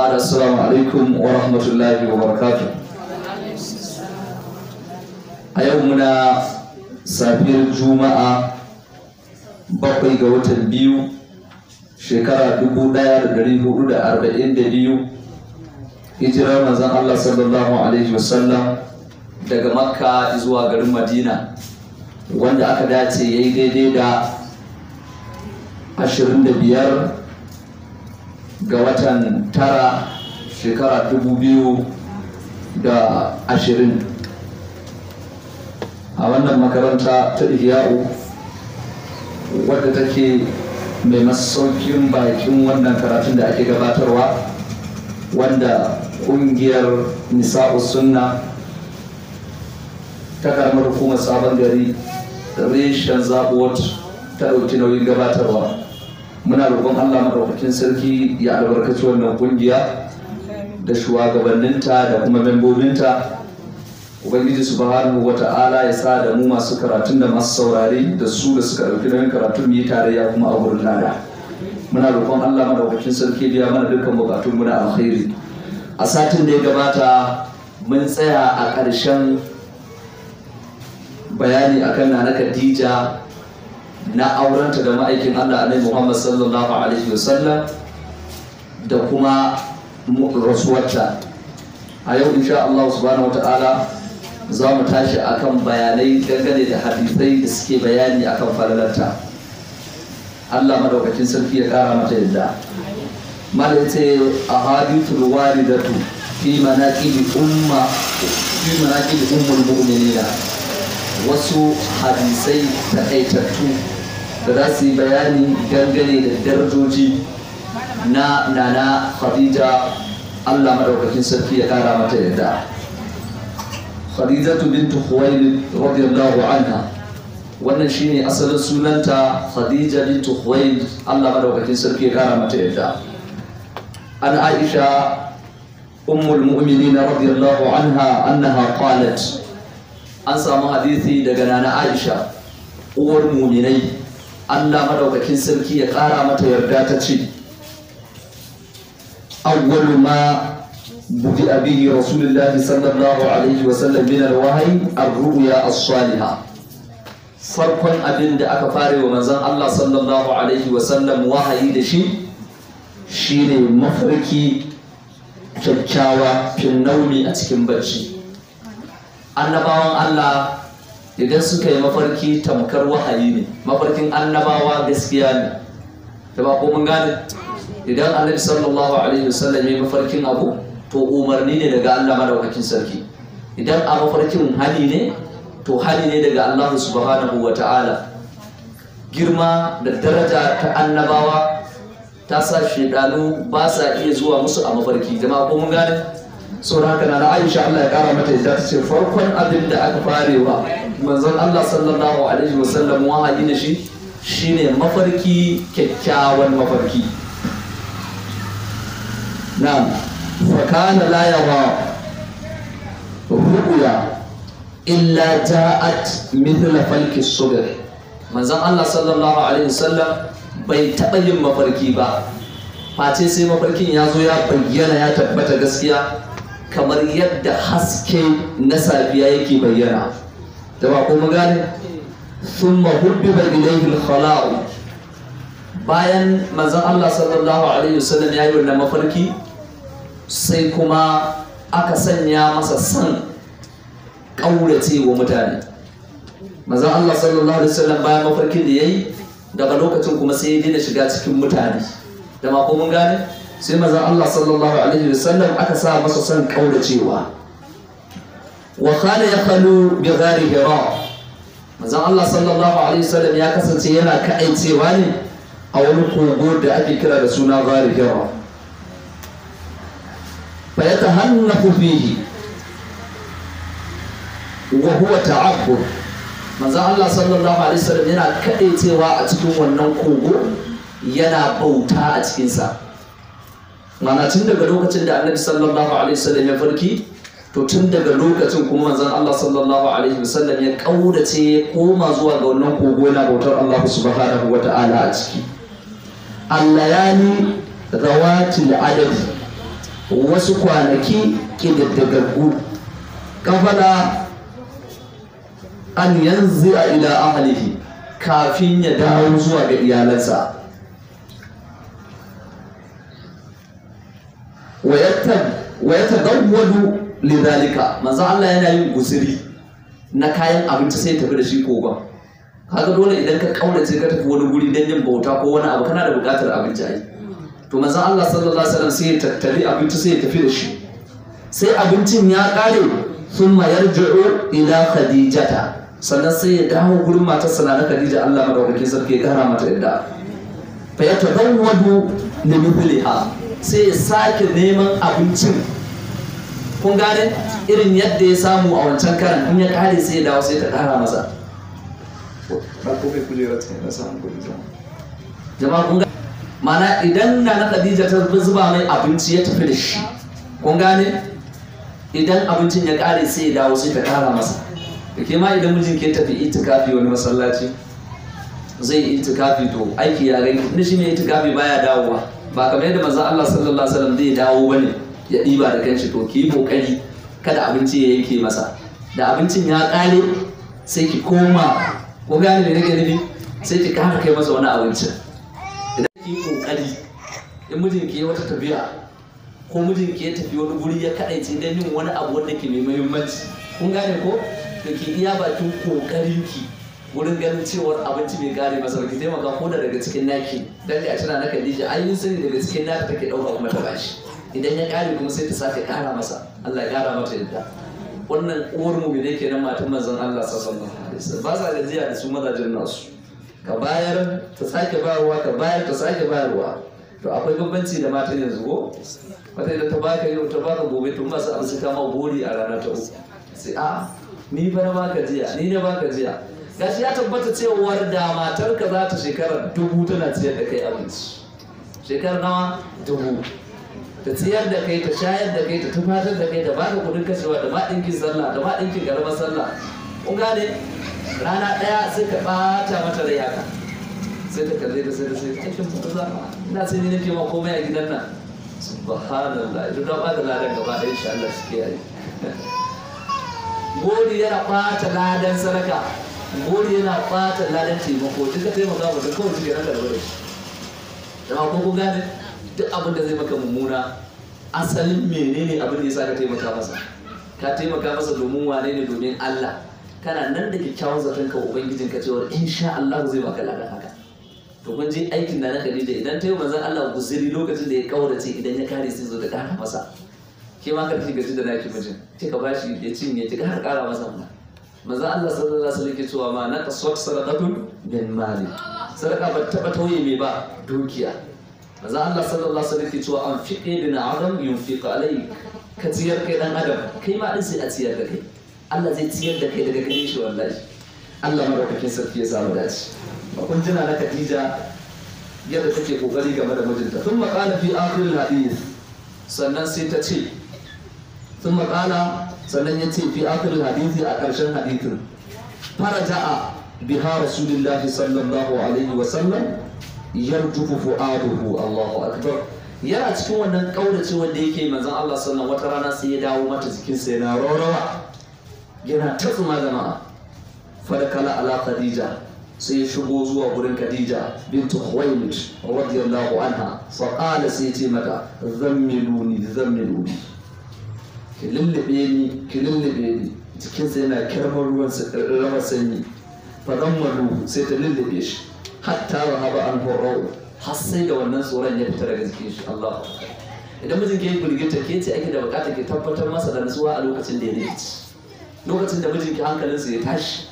وبعد السلام عليكم ورحمة A yau muna safiyar juma'a bakwai ga watan biyu shekara dubu ɗaya da dari hudu da arba'in da biyu hijirar zan Allah sallallahu alaihi wasallam daga makka zuwa garin madina wanda aka dace ya yi daidai da 25 ga watan tara shekara dubu biyu da ashirin a wannan makaranta ta ihya'u wadda take mai masaukin bakin wannan karatun da ake gabatarwa wanda kungiyar nisa'u sunna ta karamar hukumar sabon gari reshen zabuwar ta ɗauki nauyin gabatarwa muna roƙon Allah maɗaukacin sarki ya albarkaci wannan ƙungiya da shugabanninta da kuma membobinta ubangiji subhanahu wata'ala ya sa da mu masu karatun da masu saurare da su da suka ɗauki nauyin karatun mu yi tarayya kuma a wurin lada muna roƙon Allah maɗaukacin sarki biya mana dukkan bukatun mu na alkhairi a satin da ya gabata mun tsaya a ƙarshen bayani akan Nana Khadija na aurenta da ma'aikin Allah alaihi Muhammad sallallahu alaihi wasallam da kuma rasuwarta a yau insha Allah subhanahu wata'ala za mu tashi akan bayanai dangane da hadisai da suke bayani akan falalarta Allah madaukakin sarki ya kara mata yadda mala ce a da tu fi manaqibi umma fi manaqibi ummul mu'minina wasu hadisai taƙaitattu da za su yi bayani dangane da darajoji na nana khadija allah maɗaukakin sarki ya ƙara mata yadda khadijatu bintu khuwailid radiyallahu anha wannan shine asalin sunanta khadija bintu khuwailid allah maɗaukakin sarki ya ƙara mata yadda an aisha ummul mu'minin radiyallahu anha annaha qalat an samu hadisi daga nana aisha uwar muminai allah madaukakin sarki ya ƙara mata yarda ta ce awwalu ma بدأ به رسول الله صلى الله عليه وسلم من الوحي as-saliha farkon abin da aka fare wa manzon Allah sallallahu alaihi wa sallam wahayi da shi shine mafarki kyakkyawa fin naumi a cikin barci annabawan Allah idan suka yi mafarki tamkar wahayi ne mafarkin annabawa gaskiya ne ta ba ko mun gane idan annabi sallallahu alaihi wasallam ya mafarkin abu to umarni ne daga Allah madaukakin sarki idan a mafarkin hali ne to hali ne daga Allah subhanahu wa ta'ala girma da daraja ta annabawa ta sa shedanu ba sa iya zuwa musu a mafarki jama'a ko mun gane saboda haka na Aisha Allah ya kara mata yadda ta ce farkon abin da aka farewa manzon Allah sallallahu alaihi wasallam wahayi da shi shine mafarki kyakkyawan mafarki na'am fa kana la yawa ru'ya illa ja'at mithla falki subh manzon Allah sallallahu alaihi wasallam bai taɓa yin mafarki ba face sai mafarkin ya zo ya bayyana ya tabbata gaskiya kamar yadda haske na safiya yake bayyana da ba kuma gane sun mahuddu ba ilaihin khala'u bayan mazan Allah sallallahu alaihi wasallam ya yi wannan mafarki sai kuma aka sanya masa san ƙaurace wa mutane mazan Allah sallallahu alaihi wasallam bayan mafarkin da ya yi daga lokacin kuma sai ya dina shiga cikin mutane da ma kuma gane sai maza Allah sallallahu alaihi wasallam aka sa masa son kauracewa wa kana yakhalu bi ghari hira maza Allah sallallahu alaihi wasallam ya kasance yana kaicewa ne a wani kogo da ake kira da suna ghari hira fa yatahannafu fihi wa huwa ta'abbur manzo Allah sallallahu alaihi wasallam yana kadaicewa a cikin wannan kogo yana bauta a cikinsa mana tun daga lokacin da annabi sallallahu alaihi wasallam ya farki to tun daga lokacin kuma manzon Allah sallallahu alaihi wasallam ya kaudace ya koma zuwa ga wannan kogo yana bautar Allah subhanahu wata'ala a ciki allayani rawatil adad wasu kwanaki kididdagaggu kafala an yanzu ila ahlihi kafin ya dawo zuwa ga iyalansa wa yatadawwalu lidalika manzo Allah yana yin guzuri na kayan abinci sai tafi da shi kogon kaga dole idan ka kaunace ka tafi wani guri dan yin bauta ko wani abu kana da buƙatar abinci ai to manzo Allah sallallahu alaihi wasallam sai ya tattali abinci sai ya tafi da shi sai abincin ya kare thumma yarji'u ila khadijata sannan sai ya dawo gurin matarsa na Khadija Allah madaukakin sarki ya gara mata yadda fa tadawwadu li mithliha sai ya sake neman abincin kun gane irin yadda ya samu a wancan karan in ya kare sai ya dawo sai ta kara masa mana idan na na Khadija ta zuba mai abinci ya tafi da shi kun gane idan abincin ya kare sai ya dawo sai ta kara masa da ke ma idan mijin ke tafi itikafi wani masallaci zai itikafi to aiki ya gani inda shi mai itikafi baya dawowa ba kamar yadda maza Allah sallallahu alaihi wasallam zai dawo bane ya ɗiba da kanshi to ki kokari kada abinci ya yanke masa da abincin ya ƙare sai ki koma ko gane ne nake nufi sai ki kafa kai masa wani abinci. idan ki kokari in mijinki ya wata tafiya ko mijinki ya tafi wani guri ya kaɗaice dan yin wani abu wanda ke mai muhimmanci kun gane ko da ke iya bakin ki wurin ganin cewar abinci bai kare masa ba ki taimaka ko da daga cikin naki dan ya tana na Khadija an yi sani daga cikin naki take ɗauka, kuma ta bashi idan ya kare kuma sai ta sake kara masa Allah ya kara mata yadda wannan uwar mu ne kenan matan manzon Allah sallallahu alaihi wasallam ba sa gajiya da su mazajin nasu ka bayar ta sake bayarwa ka bayar ta sake bayarwa to akwai bambanci da matan yanzu ko wata da ta baka yau ta baka gobe to masu amsa kama buri a rana ta uku sai a ni ba na baka jiya ni na baka jiya gashi ya tabbata cewa da matarka za ta shekara dubu tana ciyar da kai abinci shekara nawa dubu ta ciyar da kai ta shayar da kai ta tufatar da kai ta baka kudin kashewa da ma ɗinkin sallah da ma ɗinkin garba sallah kun gane rana ɗaya sai ka ɓata mata da yaka sai ta kalle da sai da sai aikin mutuza ina sai ni nake ma komai a gidan nan subhanallah idan da ɓata ladan gaba ɗaya insha Allah suke yi gori yana ɓata ladan sadaka gori yana ɓata ladan taimako duk ka taimaka wa mutum kawai suke ranka da wani da ma kun gane duk abin da zai maka mummuna asalin menene abin da ya sa ka taimaka masa ka taimaka masa domin wane ne domin Allah kana nan da kyakkyawan zaton ka ubangijin ka cewa insha Allah zai baka ladan haka to kun je aikin da na Khadija idan ta yi Allah guzuri lokacin da ya kaurace idan ya kare sai zo da kara masa ke ma karfi gaji da naki mijin kika bashi ya cinye kika har kara masa mana Maza Allah sallallahu alaihi wasallam ke cewa ma naqasat sadaqatun min mali sadaqa ba taba tauye me ba dukiya Maza Allah sallallahu alaihi wasallam ke cewa an fiqi bin adam yunfiq alai ka ciyar kai dan adam kai ma din sai a tiyar da kai Allah zai ciyar da kai daga gare shi wallahi Allah madaukakin sarki ya samu dace kun jina na Khadija yadda take kokari game da mijinta thumma qala fi akhir al hadith sannan sai ta ce thumma qala sannan ya ce fi akhirin hadithi a ƙarshen hadithin a biha rasulullahi sallallahu alaihi wa sallam yarjufu fu'aduhu Allahu akbar yana cikin wannan kaurace wanda yake manzon Allah sallallahu wata rana sai ya dawo mata jikin sa yana rawa? yana ta tsuma jama'a farkala ala khadija sai ya shigo zuwa gurin khadija bintu khuwailid radiyallahu anha fa sai ya ce mata zammiluni zammiluni ki lullube ni ki lullube ni jikinsa yana kyarmar ruwan rawar sanyi faɗan malu sai ta lullube shi hatta wa haba an horau har sai da wannan tsoron ya fita daga jikin shi Allah idan mijin ke firgita ke ce ake da bukata ke tabbatar masa da nutsuwa a lokacin da ya rikici lokacin da mijin ki hankalinsa ya tashi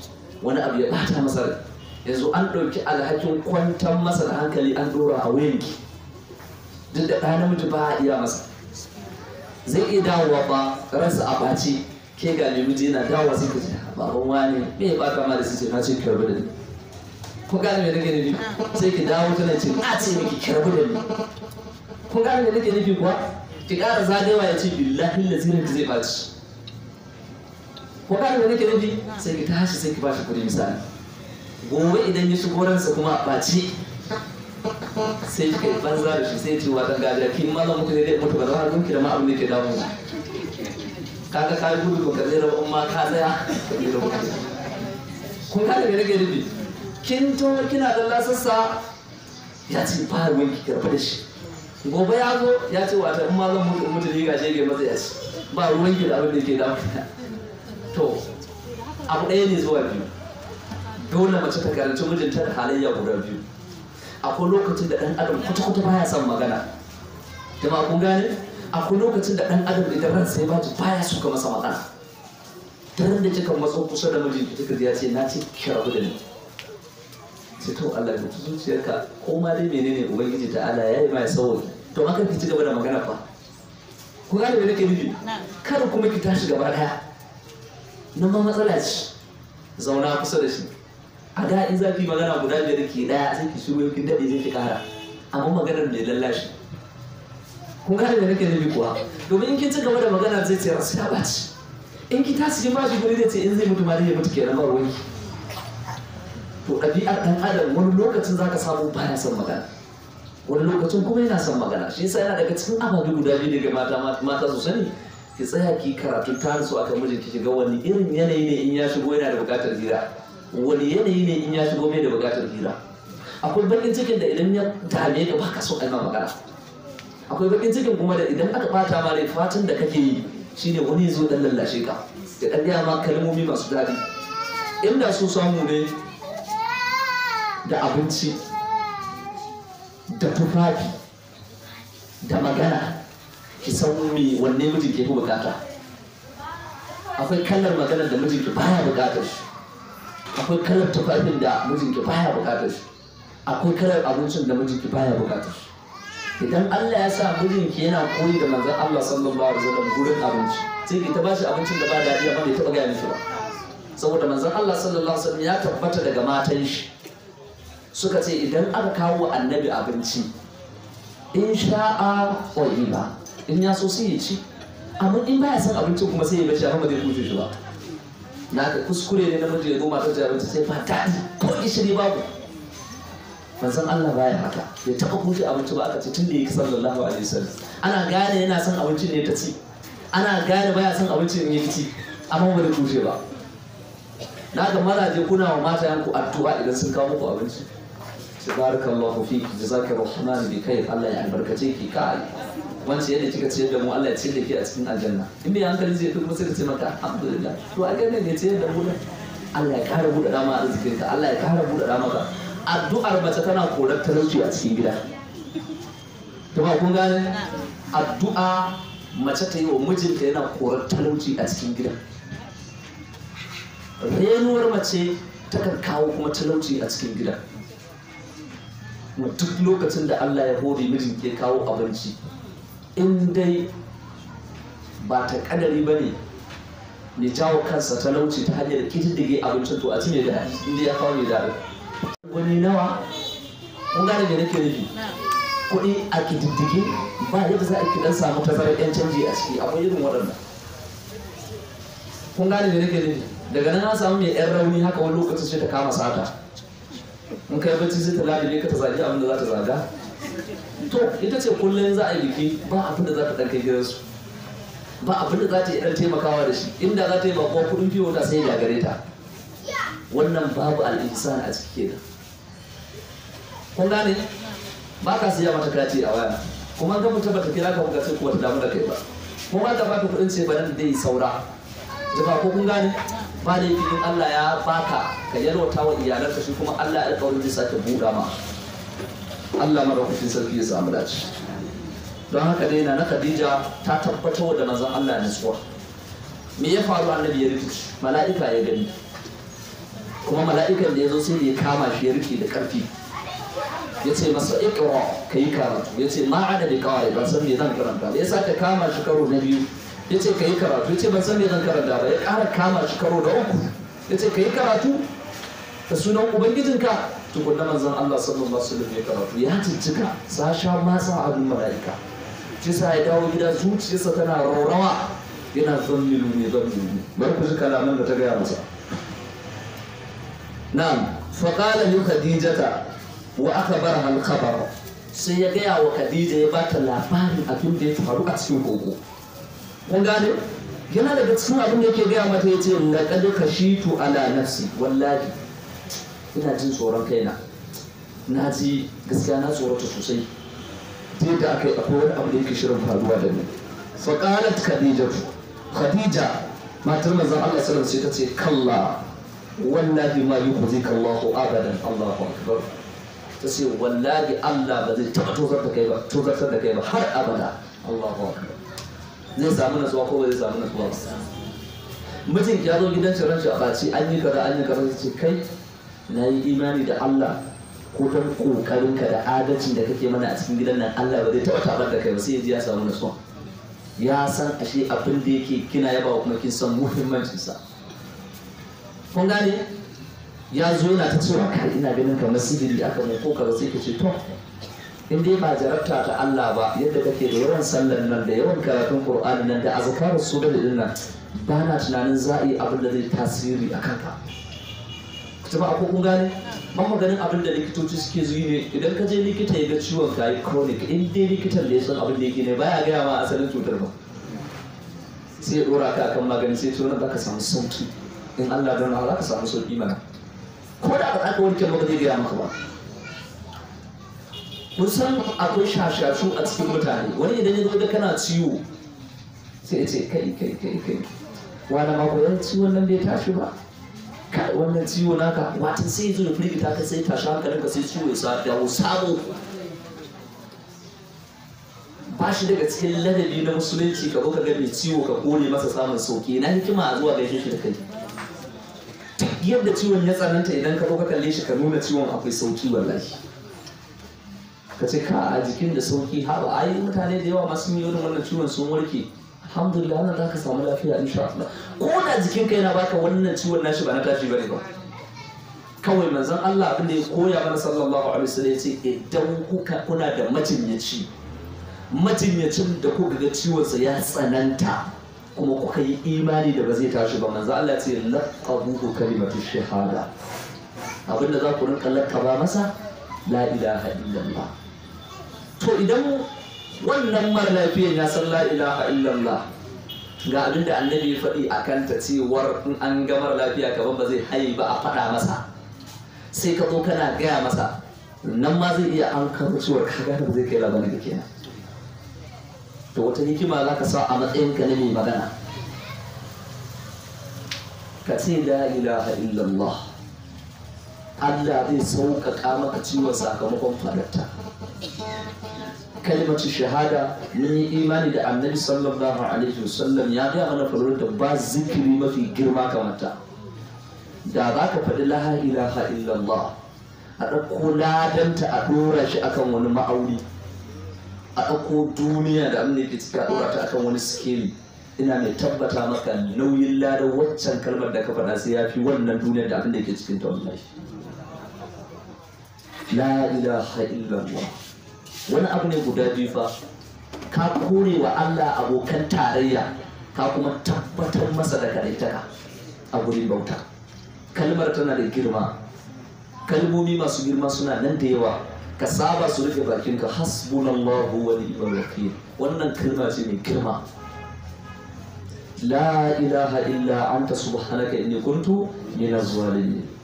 wani abu ya bata masa rai yanzu an ɗauki alhakin kwantar masa da hankali an ɗora a wuyanki duk da ɗaya namiji ba a iya masa zai iya dawowa ba ransa a ɓaci ke ga mai miji yana dawowa sai ka ce baban wani me ya baka ma da su ce na ce karbi da ni ko gane me nake nufi sai ki dawo tana ce a ce miki karbi da ni ko gane me nake nufi kuwa ki ƙara zagayewa ya ce billahi zirin ki zai ɓaci ko gane me nake nufi sai ki tashi sai ki bashi kuɗi misali gobe idan ya shigo ransa kuma a ɓaci sai kai banza da shi sai ce wa dan gajiya kin maza muku ne dai mutu ba za ku da ma abin da ke damu kaga ka yi gudu ka zai rabu ma ka tsaya kun kada me nake nufi kin to kina da lasassa ya ce fara mun ki karfa da shi gobe ya zo ya ce wa in ma zan mutu in mutu ne gashi ke maza ya ce ba ruwan ki da abin da ke damu to abu ɗaya ne zuwa biyu dole mace ta karanci mijinta da halayya guda biyu akwai lokacin da ɗan adam kwata-kwata baya son magana jama'a kun gane akwai lokacin da ɗan adam idan ran sai baji baya so ka masa magana daren da kika matso kusa da mijinki kika ji ya ce na ce ki rabu da ni sai to Allah ya mutu zuciyarka ko ma dai menene ubangiji ta Allah ya yi mai sauki to ma ki ci gaba da magana fa ku ga me nake nufi kar kuma ki tashi gaba daya nan ma matsala ce zauna kusa da shi a da in zafi magana guda biyar ke daya sai ki shiru kin dade zai ki kara amma maganar mai lallashi kun gane da nake nufi kuwa domin in kin ci gaba da magana zai ce rasu ya baci in ki tashi ki bashi guri zai ce in zai mutu ma zai mutu kenan ba ruwanki to ɗabi'ar dan adam wani lokacin za ka samu baya son magana wani lokacin kuma yana son magana shi yasa yana daga cikin ababe guda biyu daga mata mata su sani ki tsaya ki karatu a akan mijinki ki ga wani irin yanayi ne in ya shigo yana da buƙatar hira wani yanayi ne in ya shigo mai da bukatar hira akwai bakin cikin da idan ya dame ka baka so ai ma magana akwai bakin cikin kuma da idan aka bata ma rai fatan da kake yi shine wani zo dan lallashe ka da dan ya ma kalmomi masu dadi. inda su samu ne da abinci da tufafi da magana ki san me wanne mijin ke bukata akwai kallar magana da mijin ke baya bukatar shi akwai kalar tufafin da mijinki baya bukatar shi akwai kalar abincin da mijinki baya bukatar shi idan Allah ya sa mijinki yana koyi da manzon Allah sallallahu alaihi wasallam gurin abinci sai ki ta bashi abincin da ba daɗi amma bai taba gaya mishi ba saboda manzon Allah sallallahu alaihi wasallam ya tabbata daga matan shi suka ce idan aka kawo annabi abinci in sha'a wa in ya so sai ya ci amma in baya son abincin kuma sai ya bashi amma bai kuce shi ba na ga kuskure ne namiji ya zo matar da abinci sai ba daɗi ko gishiri babu manzon Allah baya haka ya taɓa kuce abinci ba aka ce tun da yake sallallahu alaihi wasallam ana gane yana son abinci ne ta ci ana gane baya son abinci ne ya ci amma ba da kushe ba na ga mazaje kuna wa mata yanku addu'a idan sun kawo muku abinci tabarakallahu fiki jazakallahu khairan bi khair Allah ya albarkace ki kai wancan yadda kika ciyar da mu Allah ya ciyar da ke a cikin aljanna in bai hankali zai kuma sai ka ce maka alhamdulillah to a gane ne ciyar da mu da Allah ya kara buɗe dama a ka Allah ya kara buɗe dama ka addu'ar mace tana korar talauci a cikin gida to ba kun gane addu'a mace ta yi wa mijinta yana korar talauci a cikin gida renuwar mace takan kawo kuma talauci a cikin gida duk lokacin da Allah ya hori mijin ke kawo abinci in dai ba ta kadari ba ne mai jawo kansa talauci ta hanyar kididdige abincin to a ci da inda ya kawo mai da wani nawa kun gane da nake nufi kuɗi a kididdige ba yadda za a ki dan samu tazarar yan canji a ciki akwai irin waɗannan kun gane da nake nufi daga nan na samu mai yan rauni haka wani lokacin sai ta kama sata in kai bacci sai ta ne ka ta zagi abin da za ta zaga to ita ce kullum za a yi biki ba abin da za ta ɗan kai su ba abin da za ta yi ɗan taimakawa da shi inda za ta yi maƙo kuɗin fiye wata sai gagare ta wannan babu al'insan a ciki kenan kun gane ba ka siya mata kati a waya kuma ga mutum ba ta kira ka kuka sai kuwa ta damu da kai ba kuma ta baka kuɗin ce ba nan zai saura jama'a ko kun gane ba laifin Allah ya baka ka yalwata wa iyalarka shi kuma Allah ya alƙawarin zai sake buɗa ma Allah madaukakin sarki ya samu dace don haka dai na Khadija ta tabbatar da manzon Allah ya nutsuwa me ya faru annabi ya rikici mala'ika ya gani kuma mala'ikan da ya zo sai da ya kama shi ya rike da karfi ya ce masa ikra ka yi karatu ya ce ma adadi kawai ban san me zan karanta ya sake kama shi karo na biyu ya ce ka yi karatu ya ce ban san me zan karanta ba ya ƙara kama shi karo na uku ya ce ka yi karatu da sunan ubangijinka tukunna manzon Allah sallallahu alaihi wasallam ya karatu ya ciccika sa sha masa abin mala'ika shi sa ya dawo gida zuciyarsa tana raurawa yana zammilu ne zammilu ne Bar ku ji kalaman da ta gaya masa na'am fa qala li khadijata wa akhbaraha al-khabar sai ya gaya wa khadija ya ba ta labarin abin da ya faru a cikin gogo kun gane yana daga cikin abin da yake gaya mata ya ce kadu kashitu ala nafsi wallahi ina jin tsoron kaina na ji gaskiya na tsorata sosai dai da aka yi akwai wani abu da yake shirin faruwa da ni fa qalat Khadija khadija matar manzon Allah sallallahu alaihi wasallam sai ta ce kalla wallahi ma yukhzika Allahu abadan Allahu akbar ta ce wallahi Allah ba zai taɓa tozar da kai ba tozartar da kai ba har abada Allahu akbar zai samu nasuwa ko ba zai samu nasuwa ba mijin ya zo gidan shi shi a ɓaci an yi kaza an yi kaza sai ce kai na yi imani da Allah ko ta kokarinka da adalcin da kake mana a cikin gidan nan Allah ba zai taɓa tabar da kai ba sai ya ji ya samu nasuwa ya san ashe abin da yake kina yaba kuma kin san muhimmancinsa kun gane ya zo yana ta cewa kai ina ganin kamar sihiri aka mu ko ka sai ka ce to in dai ba jarabta ta Allah ba yadda kake da yawan sallar nan da yawan karatun Qur'ani nan da azkarar subhi da nan ba na tunanin za abin da zai tasiri a kanka jama'a ko kun gane ban maganin abin da likitoci suke zuyi ne idan ka je likita ya ga ciwon ka yi chronic in dai likitan da ya san abin da yake ne baya gaya ma asalin cutar ba sai ya dora ka akan magani sai ce ka samu sauki in Allah don Allah ka samu sauki mana ko da ba aka wanke maka zai gaya maka ba kun san akwai shashashu a cikin mutane wani idan ya zo da kana ciwo sai ya ce kai kai kai kai wani mako yan ciwon nan bai tashi ba kai wannan ciwo naka watan sai zo da firgita ka sai tashi hankalin ka sai ciwo ya sa dawo sabo ba shi daga cikin ladabi na musulunci ka ga mai ciwo ka kone masa samun sauki na hikima a zuwa gaishe shi da kai yadda ciwon ya tsananta idan ka ka kalle shi ka nuna ciwon akwai sauki wallahi ka ce ka a jikin da sauki Haba. ayi ai mutane da yawa masu yi wannan ciwon sun warke alhamdulillah nan zaka samu lafiya insha Allah ko da jikin ka yana baka wannan ciwon nashi ba na tashi bane ba kawai manzon Allah abin da ya koya mana sallallahu alaihi wasallam yace idan kuka kuna da majinyaci majinyacin da kuka ga ciwon sa ya tsananta kuma kuka yi imani da ba zai tashi ba manzon Allah ce laqabu kalimatu shahada abinda za ku rinka laqaba masa la ilaha illallah to idan wannan mara lafiyar ya san la ilaha illallah ga abin da annabi ya faɗi a kanta cewar in an ga mara lafiya kaban ba zai haye ba a faɗa masa sai ka zo kana gaya masa nan ma zai iya an kan cewar kaga da zai kai labarin da kenan to wata hikima za ka sa a matsayin ka na mai magana ka ce la ilaha illallah Allah zai sauƙaƙa maka ciwon sakamakon faɗarta. kalmatu shahada mun yi imani da annabi sallallahu alaihi wasallam ya ga mana da ba zikiri mafi girma kamata. da za ka faɗi la ilaha illallah a ɗauko ladanta a ɗora shi akan wani ma'auri a ɗauko duniya da amne da suka ɗora ta akan wani sikeli ina mai tabbata maka nauyin ladan waccan kalmar da ka faɗa sai ya fi wannan duniya da abin da ke cikin ta wallahi la ilaha illallah wani abu ne guda biyu fa ka kore wa Allah abokan tarayya ka kuma tabbatar masa da karaitaka a gurin bauta kalmar tana da girma kalmomi masu girma suna nan da yawa ka saba su rufe bakinka hasbunallahu wa ni'mal wakil wannan kalma ce mai girma la ilaha illa anta subhanaka inni kuntu minaz zalimin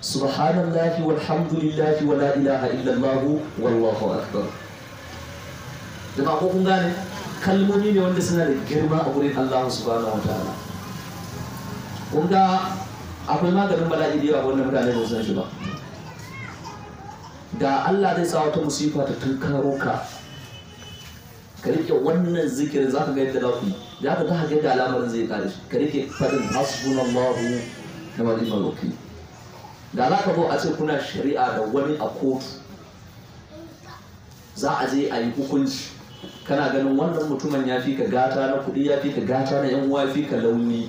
subhanallahi walhamdulillahi wala ilaha illallah wallahu akbar jama'a ko kun gane kalmomi ne wanda suna da girma a wurin Allah subhanahu wa ta'ala kun ga akwai maganin bala'i da yawa wannan mutane ba san shi ba da Allah zai sa wata musifa ta tunkaro ka ka rike wannan zikirin za ka ga yadda za ku yi za ka ga yadda al'amarin zai kare shi ka rike faɗin hasbunallahu na wani maloki da za ka zo a ce kuna shari'a da wani a kotu za a je a yi hukunci kana ganin wannan mutumin ya fi ka gata na kuɗi ya fi ka gata na yan uwa fi ka launi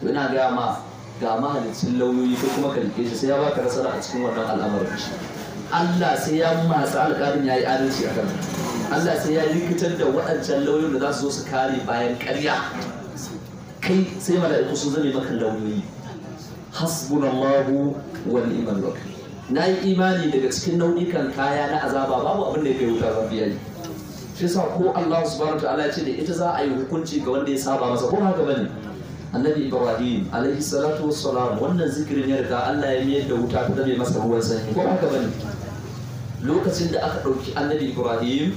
to ina gaya ma ga mahalicin launoyi ko kuma ka rike shi sai ya ba ka rasara a cikin wannan al'amarin shi Allah sai ya masa alƙalin ya yi adalci a kan Allah sai ya rikitar da waɗancan launin da za su zo su kare bayan ƙarya kai sai mala'iku sun zame maka lauyoyi hasbunallahu wa iman wakil na yi imani daga cikin nau'ikan kaya na azaba babu abin da ya kai wuta zafi yayi shi yasa ko Allah subhanahu ta'ala ya ce da ita za a yi hukunci ga wanda ya saba masa ko haka bane annabi ibrahim alaihi salatu wassalam wannan zikirin ya riga Allah ya miyar da wuta ta dame masa ruwan sanyi ko haka bane lokacin da aka ɗauki annabi ibrahim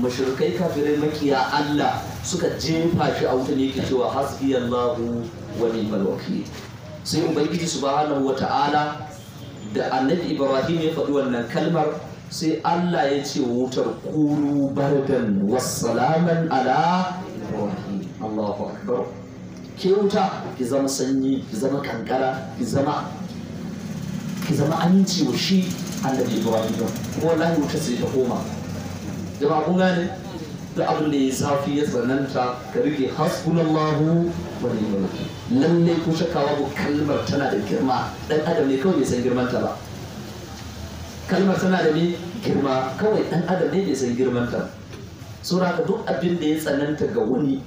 mashirkai kafirai makiya Allah suka jefa shi a wuta ne yake cewa hasbiyallahu wa ni'mal wakil sai ubangiji subhanahu wata'ala da annabi ibrahim ya faɗi wannan kalmar sai allah ya ce wutar kuru bardan wassalaman ala ibrahim allahu akbar ke wuta ki zama sanyi ki zama kankara ki zama ki zama aminci wa shi annabi ibrahim ko wallahi wuta sai ta koma jama'a kun gane da abin da ya safi ya tsananta ka rike hasbunallahu wa ni'mal wakil lalle ko shakka babu kalmar tana da girma dan adam ne kawai bai san girman ba kalmar tana da ne girma kawai dan adam ne bai san girman ta sura ka duk abin da ya tsananta ga wani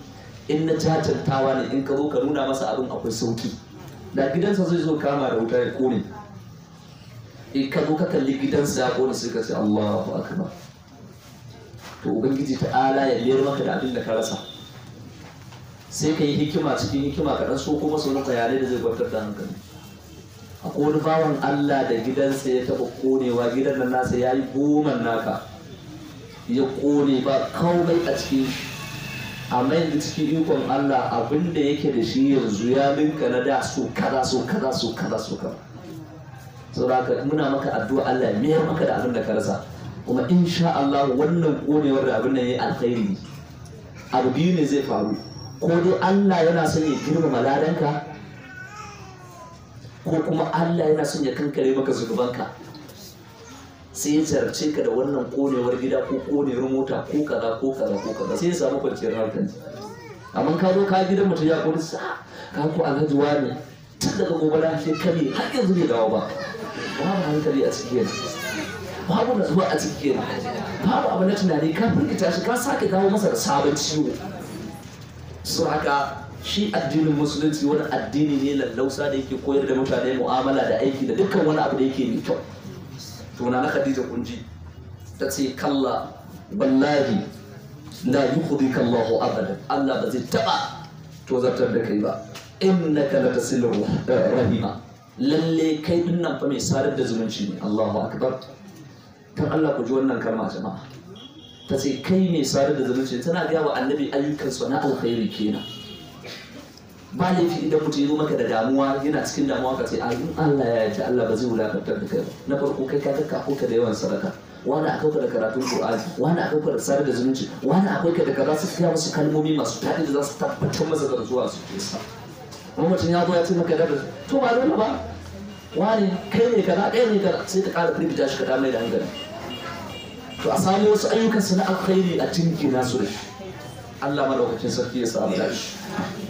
in na cacantawa ne in ka zo ka nuna masa abin akwai sauki da gidansa zai zo kama da wuta ya kone in ka zo ka kalli gidansa ya kone sai ka ce Allahu akbar to ubangiji Ala ya biyar maka da abin da ka rasa sai ka yi hikima cikin hikima kaɗan so kuma su na bayanai da zai gwantar da hankali a wani bawan Allah da gidansa ya taɓa konewa gidan nan nasa ya yi goma naka ya kone ba komai a cikin amma yanzu cikin ikon Allah abin da yake da shi yanzu ya minka na da so kaza so kaza so kaza so kaza saboda muna maka addu'a Allah ya maka da abin da ka rasa kuma insha Allah wannan konewar da abin da ya alkhairi ne abu biyu ne zai faru ko dai Allah yana son ya girmama ladanka ko kuma Allah yana son ya kankare maka zunubanka sai ya jarabce ka da wannan konewar gida ko konewar mota ko kaza ko kaza ko kaza sai ya samu kwanciyar hankali amma ka zo ka gidan mutum ya kori sa ka a gajuwa ne tun daga gobe da shekari har yanzu bai dawo ba babu hankali a cikin yanzu babu natsuwa a ciki babu abu na tunani ka firgita shi ka sake dawo masa da sabon ciwo Su haka shi addinin musulunci wani addini ne lallausa da yake koyar da mutane mu'amala da aiki da dukkan wani abu da yake mai kyau to na khadija kunji ta ce kalla wallahi la yuhdika Allah abada. Allah ba zai taba to zartar da kai ba innaka latasilu rahima lalle kai dinnan fa mai sadar da zumunci ne Allahu akbar kan Allah ku ji wannan kalma jama'a ta ce kai mai sadar da zumunci tana gaya wa annabi ayyukansa na alkhairi kenan ba laifi idan mutum ya zo maka da damuwa yana cikin damuwa ka ce in Allah ya yarda Allah ba zai wulakantar da kai na farko kai ka kakka ka da yawan sadaka wani a kauka da karatun Qur'ani wani a kauka da sadar da zumunci wani a kauka da kaza su fiya wasu kalmomi masu daɗi da za su tabbatar masa da zuwa su ke sa kuma mutum ya zo ya ce maka da to ba dole ba wani kai ne kaza kai ne kaza sai ka ƙara firgita shi ka mai da hankali to a samu wasu ayyukan su na alkhairi a cikin nasu da Allah madaukakin sarki ya samu shi